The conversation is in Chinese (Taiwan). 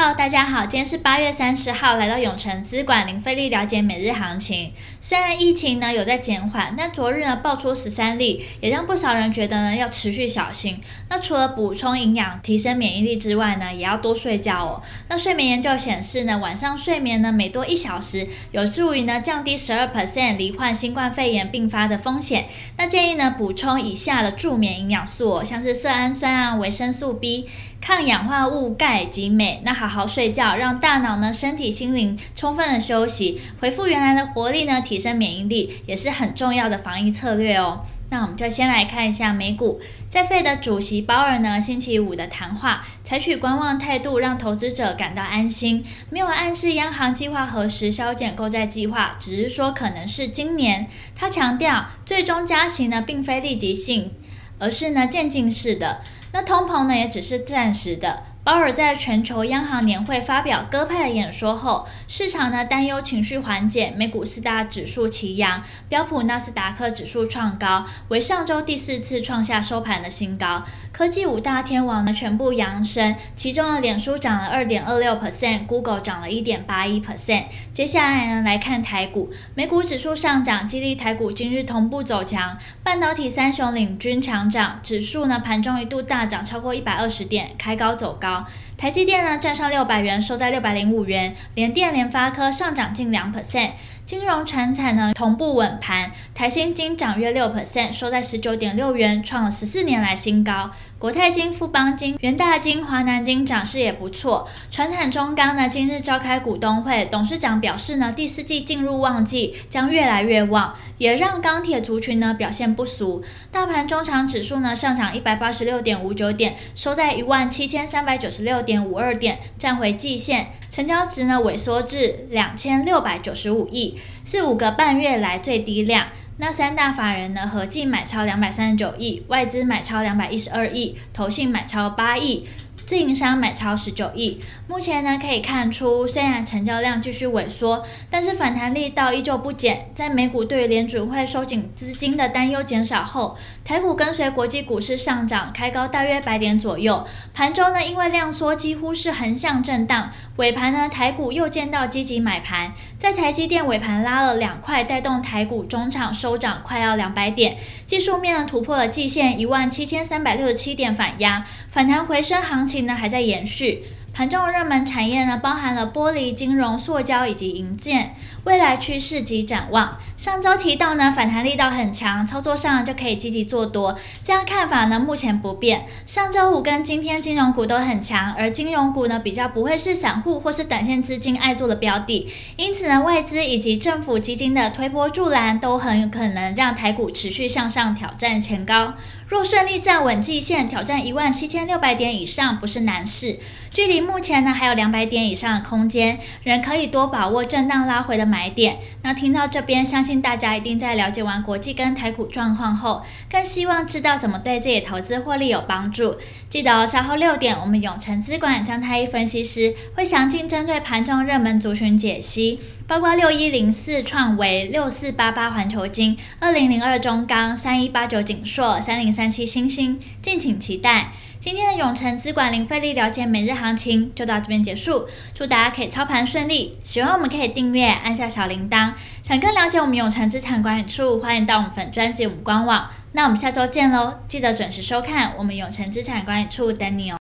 Hello, 大家好，今天是八月三十號，來到永誠資管零費力了解每日行情。雖然疫情呢有在減緩，但昨日呢爆出十三例，也讓不少人覺得呢要持續小心。那除了補充營養、提升免疫力之外呢，也要多睡覺哦。那睡眠研究顯示呢，晚上睡眠呢每多一小時，有助於呢降低十二 percent 罹患新冠肺炎併發的風險。那建議呢補充以下的助眠營養素哦，像是色氨酸啊、維生素 B、抗氧化物、鈣及鎂。那好。好好睡覺，讓大腦呢、身體、心靈充分的休息，恢復原來的活力呢，提升免疫力，也是很重要的防疫策略哦。那我們就先來看一下美股，在 FED 的主席鮑爾呢，星期五的談話，採取觀望態度，讓投資者感到安心，沒有暗示央行計劃何時削減購債計劃，只是說可能是今年。他強調，最終加息呢，並非立即性，而是呢漸進式的。那通膨呢，也只是暫時的。鮑爾，在全球央行年會發表鴿派的演說後，市場呢擔憂情緒緩解，美股四大指數齊揚，標普、納斯達克指數創高，為上週第四次創下收盤的新高。科技五大天王呢全部揚升，其中的臉書漲了二點二六 percent，Google 漲了一點八一 percent。接下來呢來看台股，美股指數上漲，激勵台股今日同步走強，半導體三雄領軍強漲，指數呢盤中一度大漲超過一百二十點，開高走高。台積電呢，站上六百元，收在六百零五元。聯電、聯發科上漲近兩 percent。金融、傳產呢，同步穩盤。台新金漲約六 percent，收在十九點六元，創了十四年來新高。國泰金、富邦金、元大金、華南金漲勢也不錯。傳產中鋼呢，今日召開股東會，董事長表示呢，第四季進入旺季，將越來越旺，也讓鋼鐵族群呢，表現不俗。大盤中場指數呢，上漲一百八十六點五九點，收在一萬七千三百九十六點五二點，站回季線，成交值呢萎縮至兩千六百九十五億，是五個半月來最低量。那三大法人呢，合計買超兩百三十九億，外資買超兩百一十二億，投信買超八億。自營商買超十九億。目前呢，可以看出，雖然成交量繼續萎縮，但是反彈力道依舊不減。在美股對於聯準會收緊資金的擔憂減少後，台股跟隨國際股市上漲，開高大約百點左右。盤中呢，因為量縮，幾乎是橫向震盪。尾盤呢，台股又見到積極買盤，在台積電尾盤拉了兩塊，帶動台股中場收漲快要兩百點。技術面呢，突破了季線一萬七千三百六十七點反壓，反彈回升行情。那還在延續。盤中熱門產業呢，包含了玻璃、金融、塑膠以及銀件，未來趨勢及展望。上周提到呢，反彈力道很強，操作上就可以積極做多。這樣看法呢，目前不變。上周五跟今天金融股都很強，而金融股呢，比較不會是散戶或是短線資金愛做的標的，因此呢，外資以及政府基金的推波助瀾，都很有可能讓台股持續向上挑戰前高。若順利站穩季線，挑戰一萬七千六百點以上不是難事，距離。目前呢還有兩百點以上的空間，仍可以多把握震盪拉回的買點。那聽到這邊，相信大家一定在了解完國際跟台股狀況後，更希望知道怎麼對自己投資獲利有幫助。記得哦，稍後六點，我們永成資管張太一分析師會詳盡針對盤中熱門族群解析，包括六一零四創惟、六四八八環球晶、二零零二中鋼、三一八九景碩、三零三七欣興，敬請期待。今天的永城資管零費力了解每日行情就到這邊結束，祝大家可以操盤順利。喜歡我們可以訂閱，按下小鈴鐺。想更了解我們永城資產管理處，歡迎到我們粉專輯我們官網。那我們下週見嘍，記得準時收看，我們永城資產管理處等你哦。